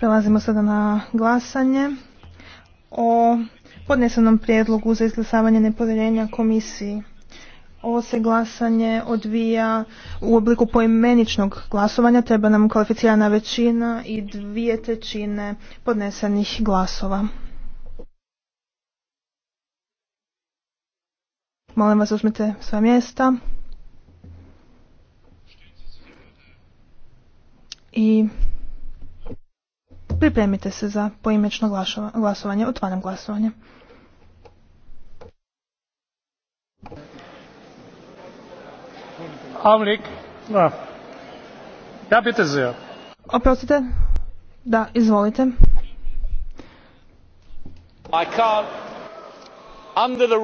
Prelazimo sada na glasanje o podnesenom prijedlogu za izglasavanje nepovjerenja komisiji. Ovo se glasanje odvija u obliku poimeničnog glasovanja. Treba nam kvalificirana većina i dvije trećine podnesenih glasova. Molim vas uzmite sva mjesta. i pripremite se za poimečno glasovanje. Otvaram glasovanje. Ja, pite bitte sehr. Oprostite. Da, izvolite. Under the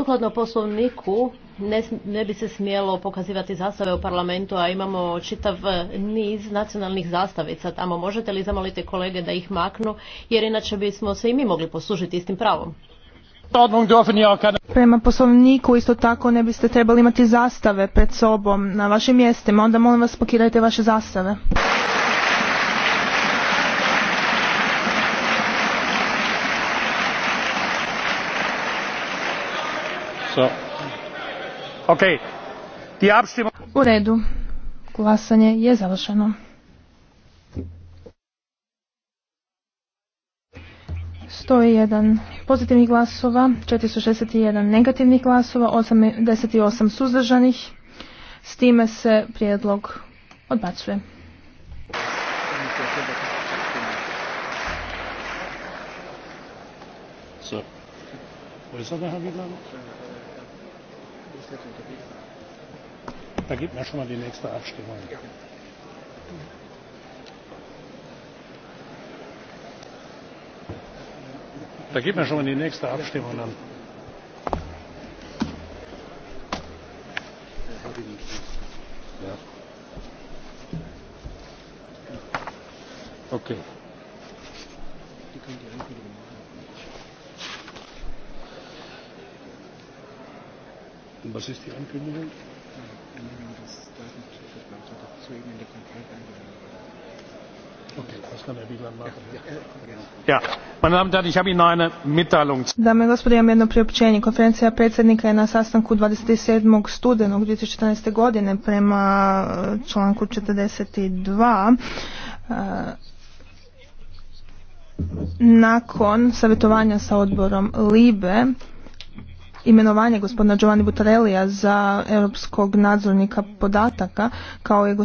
Sukladno poslovniku ne, ne bi se smjelo pokazivati zastave u parlamentu, a imamo čitav eh, niz nacionalnih zastavica tamo. Možete li zamoliti kolege da ih maknu, jer inače bismo se i mi mogli poslužiti istim pravom. Prema poslovniku isto tako ne biste trebali imati zastave pred sobom na vašim mjestima, onda molim vas pakirajte vaše zastave. U redu. Glasanje je završeno. Stoji jedan pozitivnih glasova, 461 negativnih glasova, 88 suzdržanih. S time se prijedlog odbacuje. Wo ist er Da gibt man schon mal die nächste Abstimmung. Da gibt man schon mal die nächste Abstimmung an. Okay. Die können die Ankündigung machen. Und was ist die Ankündigung? Dame i gospodo, imam jedno priopćenje. Konferencija predsjednika je na sastanku 27. studenog 2014. godine prema e, članku 42. E, nakon savjetovanja sa odborom LIBE imenovanje gospodina Giovanni Butarellija za europskog nadzornika podataka kao i gospodina